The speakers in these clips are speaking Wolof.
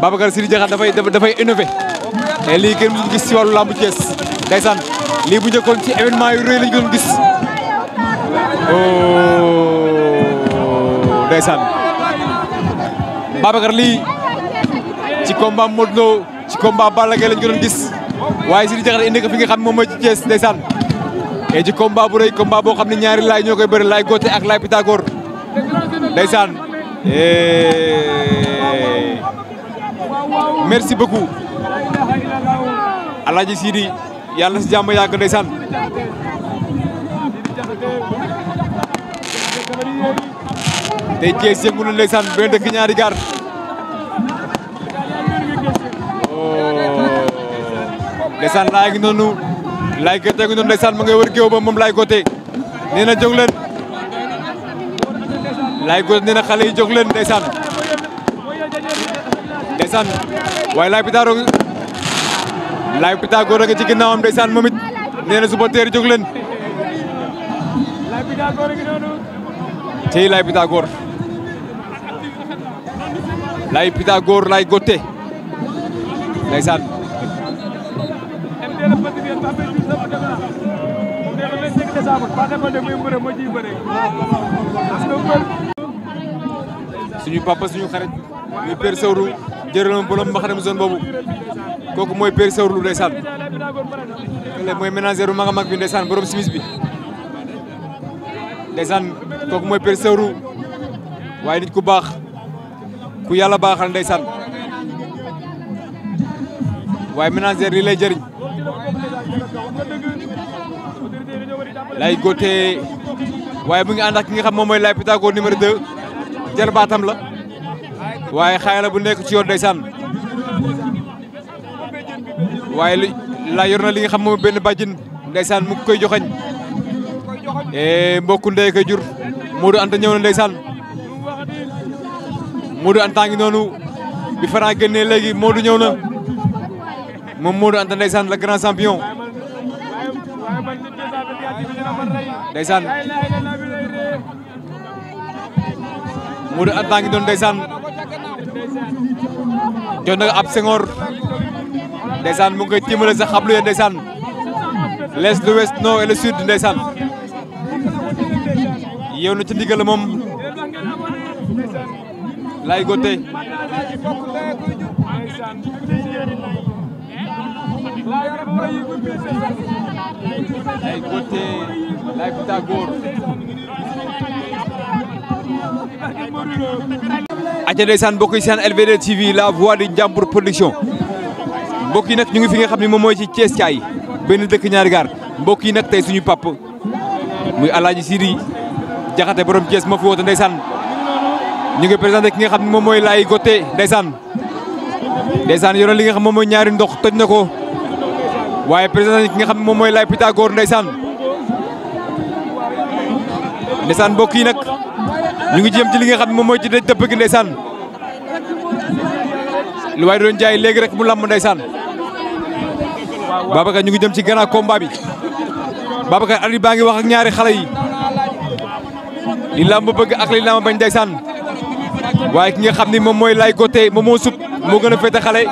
Babacar Sidi Diakhaté dafay dafay innové te lii kenn musuñu gis si wàllu lambu Thiès ndeysaan lii bu njëkkoon ci événement yu rëy lañu ko doon gis oh ndeysaan Babacar lii ci combat Modou Lo ci combat Balla Gaye lañu ko doon gis waaye Sidi Diakhaté indi ko fi nga xam moom mooy ci Thiès ndeysaan te ci combat bu rëy combat boo xam ne ñaari laay ñoo koy bëri laay Gothé ak laay Pythagore ndeysaan merci beaucoup aladji Sidi yalla ci jamm yag ndaysan tey ci yëngu na ndeysaan benn dëkk ñaari gar oh. ndaysan laay gi nonu laay ko tegu non ndaysan ma ngay wër geew ba mom laay ko te neena jóg leen laay ko neena xalé yi jóg leen ndaysan waaye Laye Pythagore Laye Pythagore nga ci ginnaawam ndeysaan moom it nee na suba teer suñu papa suñu xarit muy Père jërëlam borom mbaxadam zone boobu kooku mooy Père Sawru ndeysaan mooy ménager bu mag mag bi ndeysaan borom simis bi ndeysaan mooy Père Sawru ku baax ku yàlla baaxal ndeysaan waaye ménager lii lay jëriñ lay gote waaye mu ngi ànd ak ki nga xam moom mooy lay Pythagore numéro 2 jarbaatam la waaye xaay bu nekk ci yoon ndeysaan waaye li laa yor na li nga xam moom benn bàjjin ndeysaan mu koy joxañ eh, mbokku ndey koy jur Modou Anta ñëw na ndeysaan Modou Anta ngi noonu bi Franc génnee léegi ñëw na moom Modou Anta ndeysaan la grand champion ndeysaan Modou Anta ngi doon ndeysaan jot ab Senghor ndeysaan mu ngi koy tiimale sa xablu ya ndeysaan l'est l'ouest nord et le sud ndeysaan yow na ci ndigal moom lay gote lay gote aca ndeysaan mbokk yi seen LVD TV la voix de Ndiambour production mbokk yi nag ñu ngi fi nga xam ne moom mooy ci Thiès caay benn dëkk ñaari gaar mbokk yi nag tey suñu pap muy alaaji Siri Jaxate borom Thiès ma fi woote ndeysaan ñu ngi présenté ki nga xam ne moom mooy Laye Goté ndeysaan ndeysaan yoroon li nga xam moom mooy ñaari ndox toj na ko waaye présenté ki nga xam ne moom mooy Laye Pythagore ndeysaan ndeysaan mbokk yi nag ñu ngi jëm ci li nga xam ne moom mooy ci dëj dëpp gi ndeysaan lu waay doon jaay léegi rek mu lamb ndeysaan Babacar ñu ngi jëm ci gannaaw combat bi Babacar Aliou baa ngi wax ak ñaari xale yi li lamb bëgg ak li lamb bañ ndeysaan waaye ki nga xam ni moom mooy laay Gothé moom moo sub moo gën a féete xale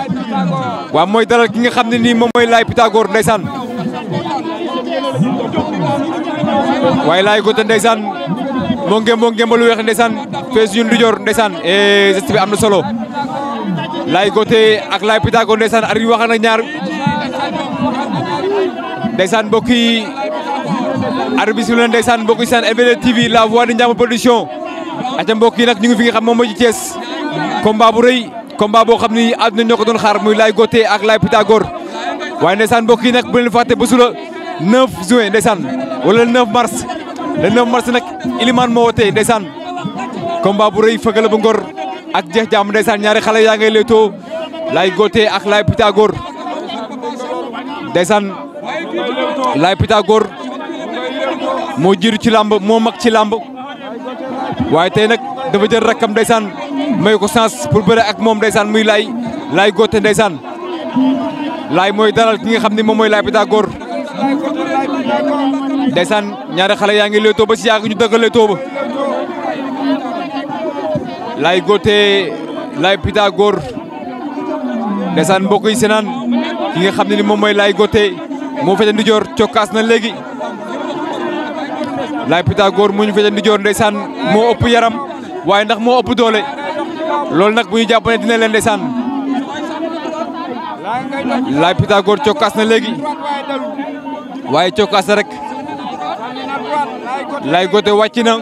waaw mooy dalal ki nga xam ne nii moom mooy laay Pythagore ndeysaan waaye laay Gothé ndeysaan moo ngi moo ngi lu weex ndeysaan fees ñu ndijoor ndeysaan e geste am na solo laay Gothé ak laay Pythagore ndeysaan ar yi waxaan ak ñaar ndeysaan mbokk yi arbitre bi leen ndeysaan mbokk yi seen MVD TV la voix de production aca mbokk yi nag ñu ngi fi nga xam moom moo ci Thiès combat bu rëy combat boo xam ni àdduna ñoo ko doon xaar muy laay Gothé ak laay Pythagore waaye ndeysaan mbokk yi nag bu leen fàtte 9 juin ndeysaan wala le 9 mars le 9 mars nag Ilimane moo wootee ndeysaan combat bu rëy Feugeula bu Ngor ak Jeex Jaam ndeysaan ñaari xale yaa ngay leetoo Laye Gothé ak Laye Pythagore ndeysaan Laye Pythagore moo jiitu ci làmb moo mag ci làmb waaye tey nag dafa jël rakkam ndeysaan may ko chance pour bëre ak moom dey ndeysaan muy Laye Laye Gothé ndeysaan Laye mooy dalal ki nga xam ne moom mooy Laye Pythagore Desan ñaari xale yaa ngi léetoo ba si yàgg ñu dëgg léetoo ba lay gote lay pita ndeysaan Desan yi senaan ki nga xam ne ni lay gote mau fete ndijoor cokas na léegi lay pita mu ñu fete ndijoor desan mau ëpp yaram waaye ndax moo ëpp doole lol nak bu ñu dina leen desan. lay Pythagore cokkaas na léegi waaye cokkaas rek lay Gothé wàcc na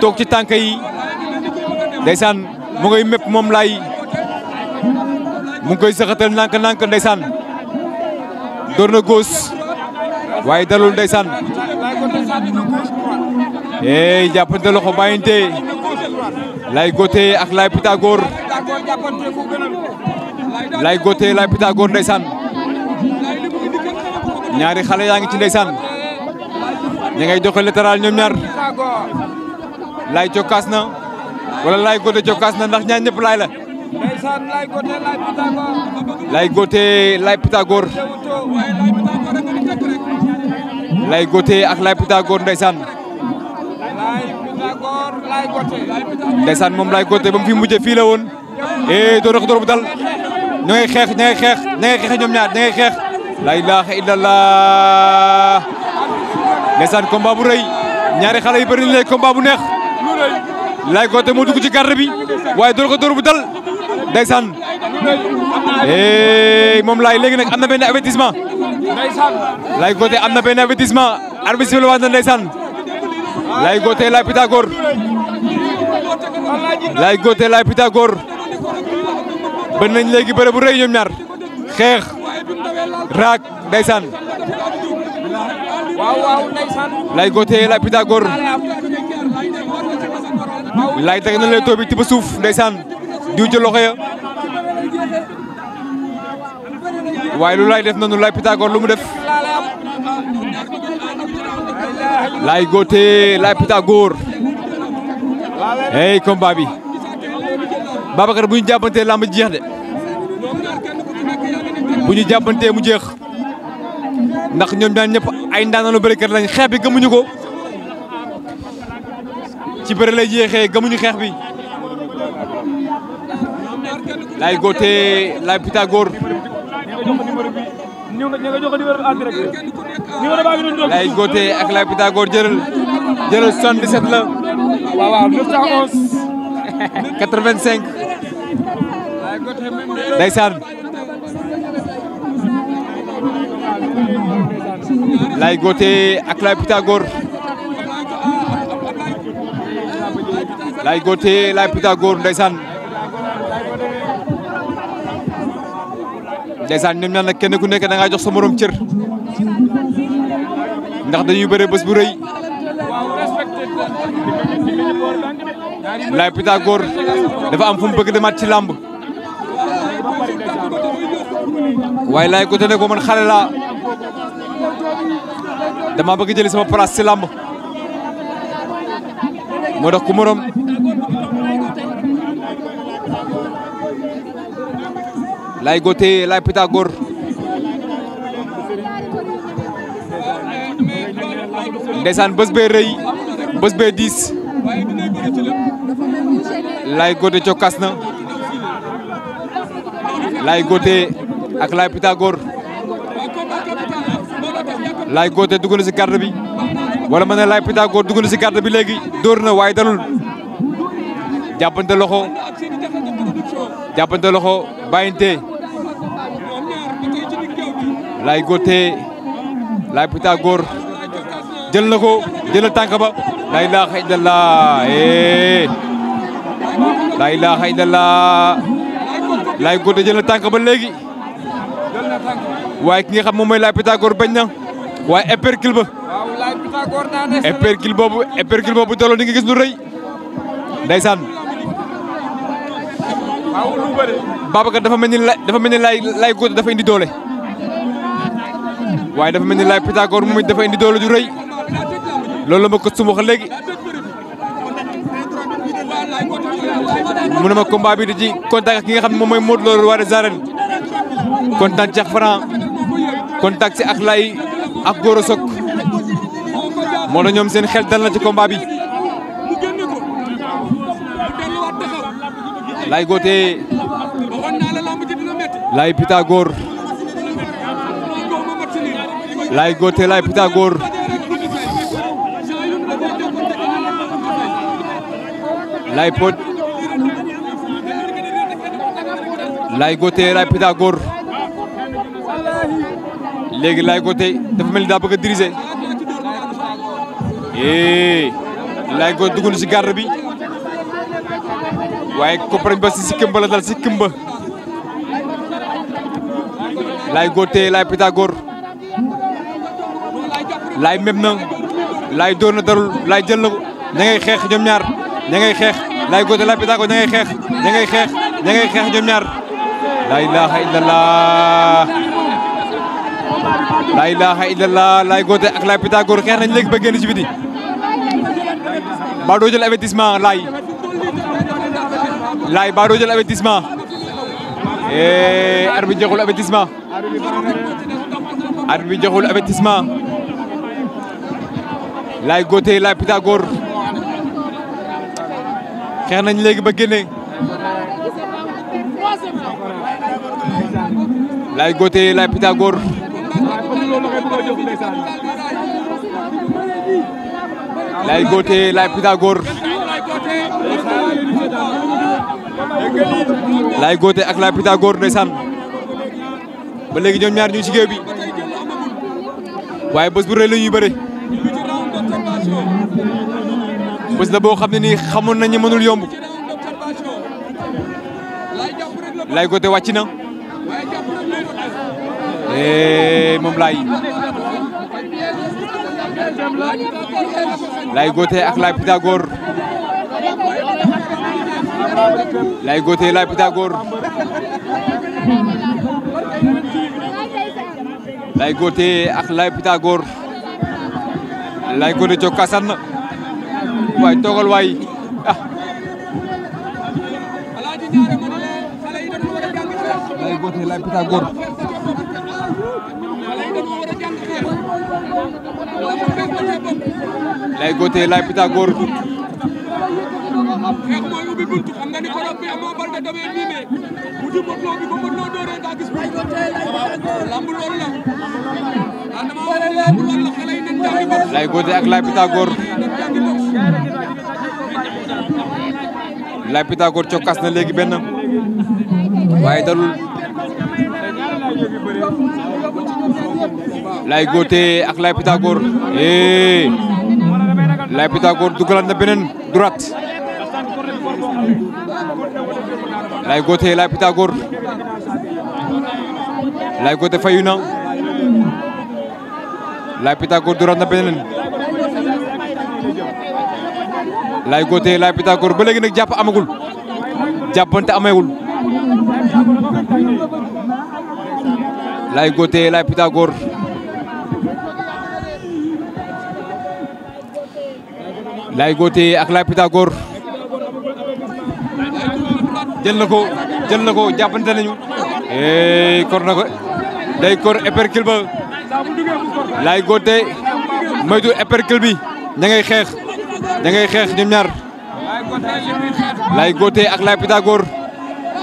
toog ci tànk yi ndeysaan mu ngay mépp moom Laye mu ngi koy saxatal ndànk-ndànk ndeysaan door na góos waaye dalul ndeysaan eey jàppante loxo bàyyinte lay Gothé ak Laye Pythagore gote Gothé Laye Pythagore san ñaari xale yaa ngi ci ndeysaan ña ngay joxe latéral ñoom ñaar laay cokkaas na wala lay goote cokkaas na ndax ñaar ñëpp laay la laay goote laay Pythagore laay goote ak laay Pythagore ndeysaan ndeysaan moom laay goote ba mu fi mujjee fii la woon e eh, door ak door bu dal ña ngay xeex ña ngay xeex ñoom ñaar ña ngay xeex la ilaha illallah ndeysaan combat bu rëy ñaari xale yu bëri lay combat bu neex Laye Gothé mu dugg ci garde bi waaye door ko door bu dal ndeysaan eh moom laay léegi nag am na benn avertissement Laye Gothé am na benn avertissement arbitre sifflé waat na ndeysaan Laye laay Laye Pythagore Laye Gothé Laye Pythagore bën nañ léegi bëre bu rëy ñoom ñaar xeex raak ndeysaan waaw waaw ndeysaan lay gote lay Pythagore lay teg na lay toobi tiba suuf ndeysaan diw jël loxo ya waaye lu lay def noonu lay Pythagore lu mu def lay gote lay Pythagore hey combat bi Babacar bu ñu jàppante lamb jeex de bu ñu jàppantee mu jeex ndax ñoom ñaan ñëpp ay ndaanaanu bërikat lañ xeex bi gëmuñu ko ci bëri lay jeexee gëmuñu xeex bi laay goote la Pythagore laay goote ak la Pythagore jëral jëral 77 la waaw waaw Laye Gothé ak Laye Pythagore Laye Gothé Laye Pythagore ndeysaan ndeysaan ñoom ñaan nag kenn ku nekk da ngaa jox sa morom cër ndax dañuy bëre bés bu rëy Laye Pythagore am fu mu demaat ci làmb waaye Laye Gothé ne ko man xale dama bëgg jëli sama place ci làmb moo tax ku morom lay gote lay pitagor ndeysaan bés bee rëy bés bee diis lay gote cokkas na lay gote ak lay pitagor Laye Gothé dugg na si garde bi wala ma ne Laye Pythagore dugg si garde bi léegi dóor na waaye dalul jàppante loxo jàppante loxo bàyyinte Laye Gothé Laye Pythagore jël na ko jël na tànk ba la ilaha illallah eh la jël na tànk ba léegi waaye ki nga xam moom mooy bañ na waaye épercule ba épercule boobu épercule boobu toloo di nga gis nu rëy ndeysaan Babacar dafa mel la dafa mel ni lay lay góor dafa indi doole waaye dafa mel ni lay Pythagore moom it dafa indi doole du rëy loolu la ma ko suma wax léegi mu ne ma combat bi da ci contact ak ki nga xam ne moom mooy Modou Lo roi des arènes si ci ak lay ak Gora Sock moo ñoom seen xel dal na ci combat bi Laye Gothé Laye Pythagore Laye Gothé Laye Pythagore Laye Pod Laye Gothé Laye léegi laay Gothé dafa mel ni daa bëgg a diriger eh laay Gothé dugg na ci garde bi waaye Compagne ba si sikkim ba la dal sikkim ba laay Gothé laay Pythagore laay mem na laay door jël na ko ña xeex ñoom ñaar ña xeex laay Gothé laay Pythagore ña ngay xeex ña ngay xeex ña ñoom ñaar. la ilaha illallah. laa ilaaha illallah laay goote ak laay Pythagore xeex nañ léegi ba génn ci biti baa doo jël avertissement laay baa doo jël avertissement eh, arbitre bi joxul avertissement arbitre bi joxul avertissement laay goote xeex nañ léegi ba génne laay goote Laye Gothé Laye Pythagore Laye Gothé ak Laye Pythagore ndeysaan ba léegi ñoom ñaar ñu ci géew bi waaye bés bu rëy ñuy bëre bés la boo xam ne nii xamoon nañu mënul yomb lay Gothé wàcc na eh, moom laay Laye Gothé ak Laye Pythagore Laye Gothé Laye Pythagore Laye Gothé ak Laye lay Gauthier lay Pythagore dut xeex mooy ubbi ak lay Pythagore lay Pythagore cokkas na léegi benn waaye dalul lay Gauthier ak lay Pythagore eh Laye Pythagore dugalaat na beneen droite Laye Gothé Laye Pythagore Laye Gothé fayu na Laye Pythagore dugalaat na beneen Laye Gothé Laye Pythagore ba léegi nag jàpp amagul jàppante amewul lay Gothé Laye Pythagore lay Gothé ak Laye Pythagore jël na ko jël na ko jàppante nañu eh kor na ko day kor épercule ba Laye Gothé moytu épercule bi ña ngay xeex ña ngay xeex ñoom ñaar Laye Gothé ak Laye Pythagore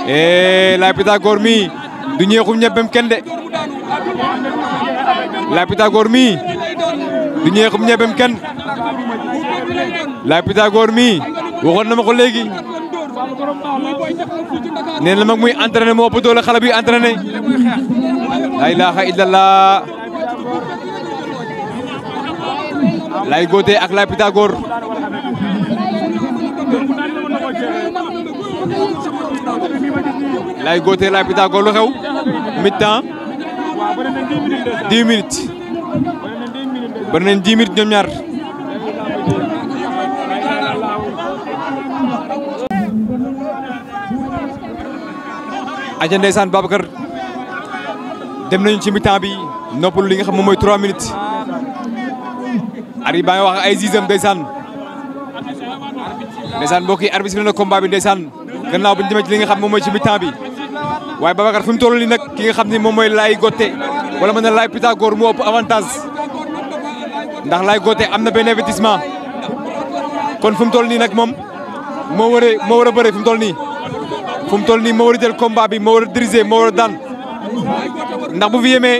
eh Laye Pythagore mii du ñeexum ñebem kenn de Laye Pythagore mi du ñeexum kenn la Pythagore mii waxoon na ma ko léegi nee na mag muy entraîné moo ëpp doole xale bi entraîné la ilaha illallah ak Laye Pythagore Laye Gothé Laye Pythagore lu xew mi-temps 10 minutes bëri nañ 10 minutes ñoom ñaar aja ndeysaan Babacar dem nañu ci mi-temps bi noppalu li nga xam moom mooy 3 minutes ari baa ngi wax ay zizam ndeysaan ndeysaan mbokk yi arbitre bi na combat bi ndeysaan gannaaw bu ñu demee li nga xam moom mooy ci mi bi waaye Babacar fi mu toll nii nag ki nga xam ni moom mooy Laye Gothé wala mën na Laye Pythagore mu ëpp avantage ndax Laye Gothé am na benn investissement kon fi mu toll nii nag moom moo war a moo war a bëre fi mu toll nii fu mu toll nii moo war a jël combat bi moo war moo war ndax bu fi yemee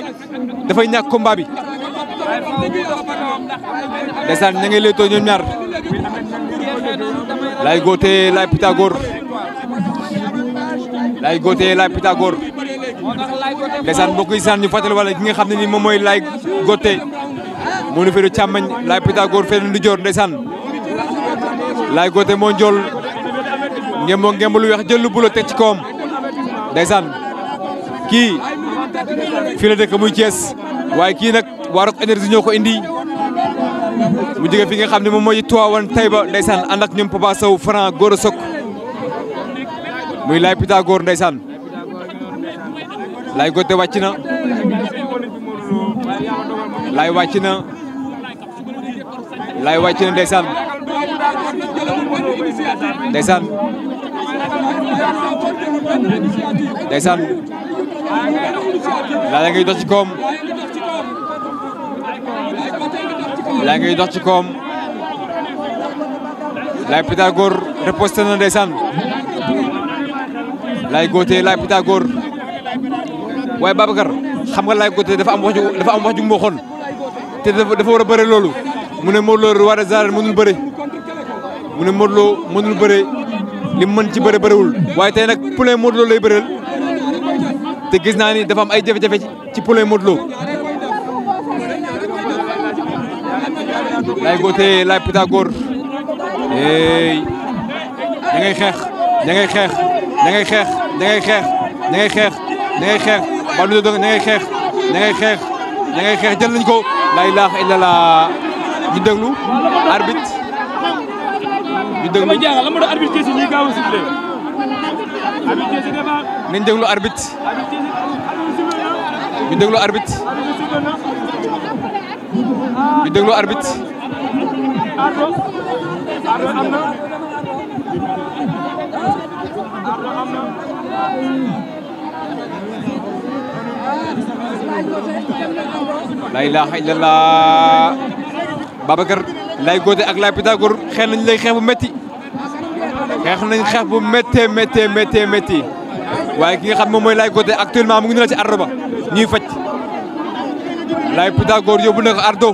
dafay ñàkk combat bi. ndeysaan ña ngi leetoo ñoom ñaar Laye Gothé Laye Pythagore Laye Gothé Laye Pythagore ndeysaan mbokk yi saan ñu fàttali wala ki nga xam ne nii moom mooy Laye Gothé moo ñu féeru càmmañ Laye Pythagore feneen du joor ndeysaan Laye ngémboo ngémb lu weex jël lu bula teg ci koom ndeysaan kii fii dëkk muy Thiès waaye kii nag waa Rock Énergie ko indi mu jóge fi nga xam ne moom mooy Tivaouane Taïba ndeysaan ànd ak ñoom Papa Sow Franc Gora Sock muy laay Pythagore ndeysaan laay gote wàcc na laay wàcc na laay wàcc na ndeysaan ndeysaan Laala ngay dox ci koom Laala ngay dox ci koom Laay Pythagore riposte na ndeysaan Laay Gothé Laay Pythagore waaye Babacar xam nga Laay Gothé dafa am wax ju dafa am wax ju mu te dafa war a bëre loolu mu ne Modou Lo roi mënul bëre mu ne Modou mënul bëre li mën ci bëre bëriwul waaye tey nag poulain Modou Lo lay bëreel te gis naa ni dafa am ay jafe-jafe ci poulain Modou Lo lay goote lay Pythagore ey da ngay xeex da ngay xeex da ngay xeex da xeex da ngay xeex da xeex balu do da ngay xeex da xeex da xeex jël nañ ko la ilaha illallah ñu déglu arbitre ñu déglu dama jaaxal lan moo doon arbitre Thiès ñuy gaaw a sifflé. arbitre Thiès dafa. nañ déglu arbitre. ñu déglu arbitre. ñu déglu arbitre. la ilaha illallah Babacar. Laye Gothé ak Laye Pythagore xeex nañ lay xeex bu métti xeex nañ xeex bu méttee méttee méttee waaye ki nga xam moom mooy Laye Gothé actuellement mu ngi ne la ci ardo ñuy faj Laye Pythagore yóbbu na ko ardo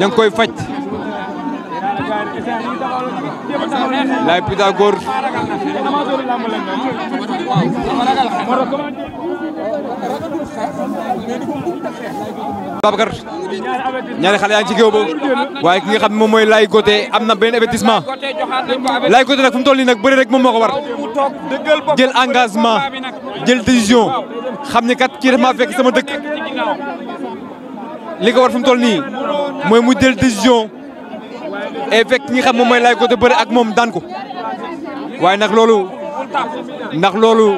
ña ngi koy faj Laye Pythagore Babacar ñaari xale yaa ngi ci géew ba waaye ki nga xam ne moom mooy Laye Gothé am na benn avertissement Laye Gothé nag fu mu toll nii nag bëri rek moom moo war jël engagement jël décision kat kii dafa fekk sama dëkk li war fu toll nii mooy mu jël décision et fekk ki nga xam moom mooy bëri ak moom daan ko waaye nag loolu nak loolu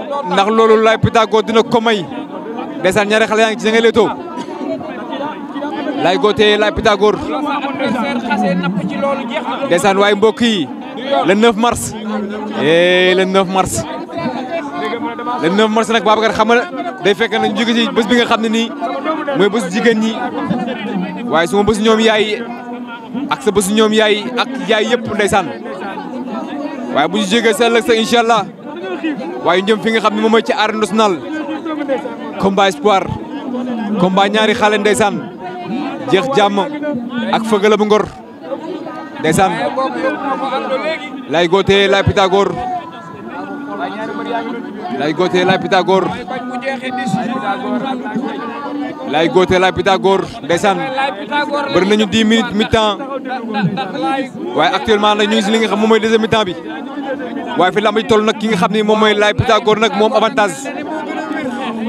dina ko may ndeysaan ñaari xale yaa ngi ci da ngay leetoo lay Gothé lay Pythagore ndeysaan waaye mbokk yi le 9 mars eh le 9 mars le 9 mars nag Babacar xam nga day fekk na ñu jóge ci bés bi nga xam ne nii mooy bésu jigéen ñi waaye suma bésu ñoom yaay ak sa bésu ñoom yaay ak yaay yëpp ndeysaan waaye bu ñu jógee sa ëllëg sa incha allah waaye ñu jëm fi nga xam ni moom mooy ci arène nationale combat espoir combat ñaari xale ndeysaan jeex jàmm ak fëgala bu ngor ndeysaan lay goote lay pitagor lay goote lay pitagor lay goote lay pitagor ndeysaan bëri nañu 10 minutes mi-temps waaye actuellement nag ñu si li nga xam moom mooy deuxième mi bi waaye fi lamb ji toll nag ki nga xam ni moom mooy lay pitagor nag moom avantage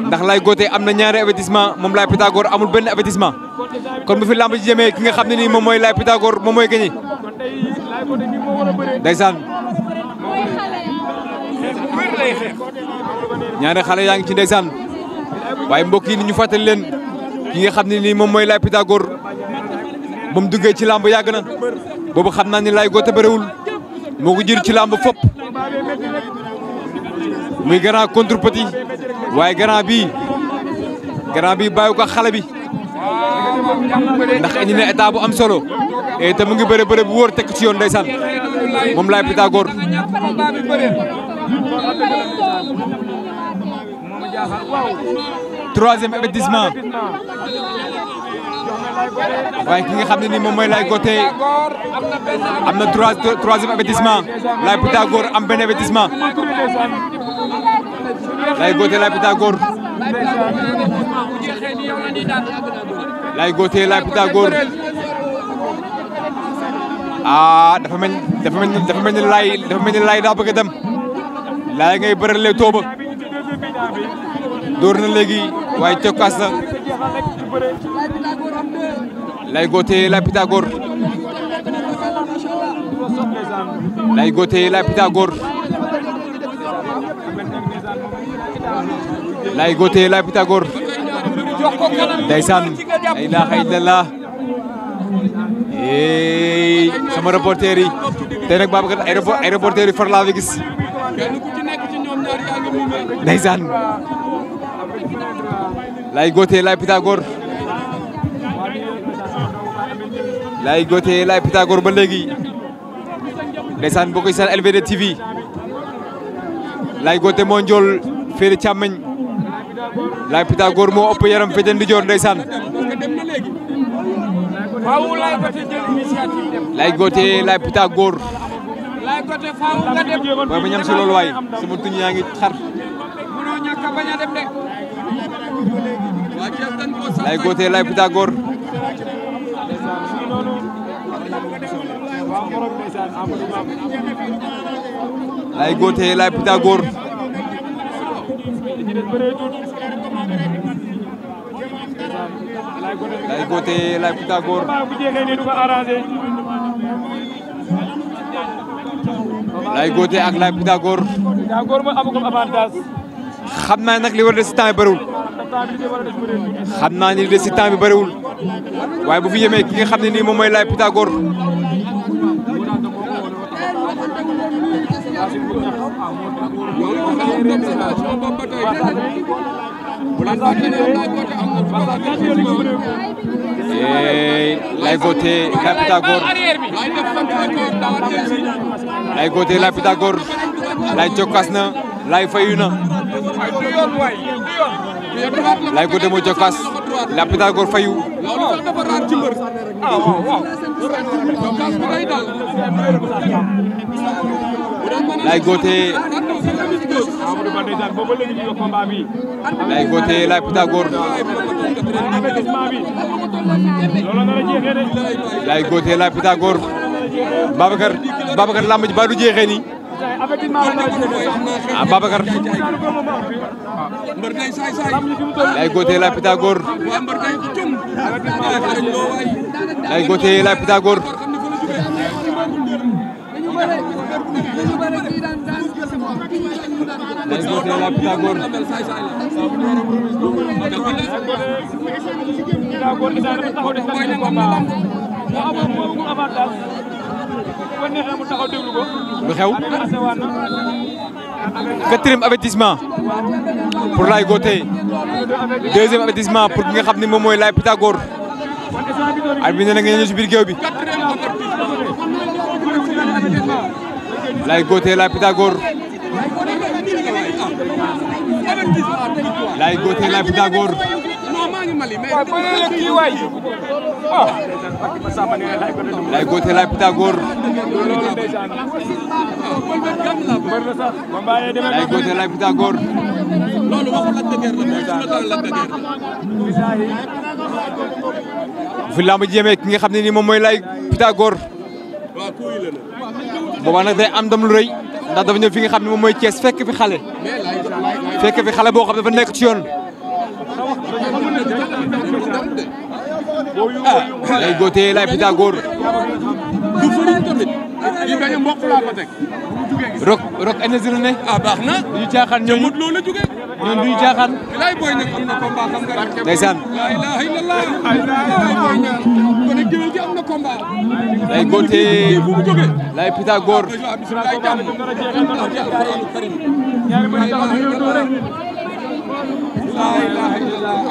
ndax Laye Gothé am na ñaare avertissement moom Laye Pythagore amul benn avertissement kon bu fi lamb ji jëmee ki nga xam ne nii moom mooy Laye Pythagore moom mooy gagné ñaari xale yaa ngi ci ndeysaan waaye mbokk yi ni ñu fàttali leen ki nga xam ne nii moom mooy Laye Pythagore ba mu duggee ci lamb yàgg na boobu xam naa ni Laye Gothé bëriwul moo ko ci lamb fopp muy grand contre petit waaye grand bi grand bi bayu ko xale bi ndax indi na état bu am solo et te mu ngi bëre bëre bu wóor tek ci yoon ndaysan mom lay pitagor troisième établissement way ki nga xamni ni mom moy lay goté amna am na troisième établissement lay pitagor am benn avertissement. Lay Gothé Lay Pythagore Lay Gothé Lay Pythagore ah dafa mel dafa mel dafa mel ni lay dafa mel ni lay daa bëgg dem lay ngay bëralee tooba dóor na léegi waaye cokkaas na lay Gothé Lay Pythagore lay Gothé Lay gor laay Gothé laay Pythagore ndeysaan ay laa xay lala eey sama reporter yi tey nag Babacar ay reporter yi far laa fi gis ndeysaan laay Gothé laay Pythagore laay Gothé laay Pythagore ba léegi ndeysaan boo koy seen LVD TV laay Gothé moo njool féere Laye Pythagore moo ëpp yaram féete ndijoor ndeysaan faaw Laye Gothé jël initiative Laye Gothé Laye Pythagore Laye Gothé faaw nga dem waaye ma ñam si loolu waay sama tuñ yaa ngi xar mënoo ñàkk a bañ a dem de Laye لاي غوتي لاي بيداغور لاي غوتي اك لاي بيداغور لاي Laye Gothé la Pythagore Laye Gothé la Pythagore Laye jokkas na lay fayu na Laye Gothé moo jokkas la Pythagore fayu Laye Gothé Amadou Ba ndeysaan boobu léegi ñu ngi combat bi. a jeexee de. Laye Gothé Laye Pythagore. Babacar Babacar lamb la Pythagore. Pythagore kita harus tahu di sana apa. Mu apa mu apa avantage. Kau ni kamu tahu dulu kok. Berkau. quatrième avertissement pour Laye Gothé deuxième avertissement pour ki nga xam ne moom mooy Laye Pythagore at bi nee na ngeen ñëw si biir géew bi Laye Gothé Laye Pythagore Laye Gothé Laye Pythagore. Laye Gothé Laye Pythagore. Laye Gothé Laye Pythagore. fi ah. lamb ji ki nga xam ne nii moom mooy Laye Pythagore. boobaa nag day am ndam lu rëy ndax dafa ñëw fi nga xam ne moom mooy Thiès fekk fi xale. fekk fi xale boo xam dafa nekk ci yoon ah lay gootee lay Pythagore. du fëriñ tamit. li bañ mboq laa ko teg. na. du ñu caaxaan ñooñu jëmmut loolu la jugee. ñun du ñu am na combat xam kon ak jëwee ji am na lay gootee. lay Pythagore. Ah, lay jàmm. ñaari bëri taxaw ñu ñëw doore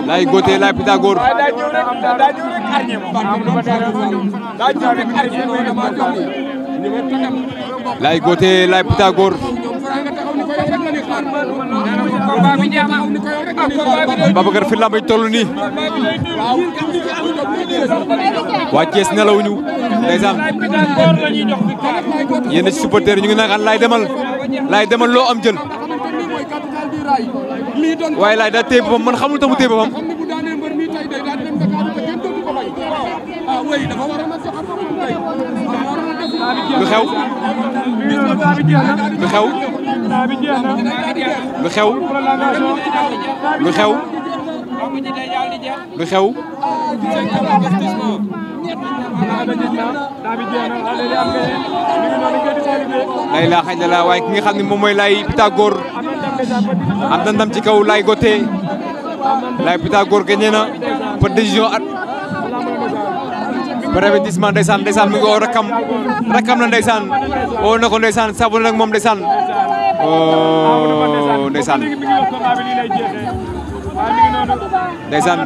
laay Gothé laay Pythagore daa ñëw rek daa ñëw rek arñe moom daa ñëw rek arñe ñu ngi naan lay demal laay demal loo am jël waaye laay daa téye boppam man xamul tax mu téye boppam. Ah, ah, lu xew. lu xew. lu xew. lu xew. lu xew. lay laa xañ la laa waaye ki nga xam ne moom lay Pythagore am na ndam ci kaw Laye Gothé Laye Pythagore gagné na par décision at par avertissement ndeysaan ndeysaan mu ngi oo rakam rakam la ndeysaan oo na ko ndeysaan sabu nag moom ndeysaan oo oh, ndeysaan ndeysaan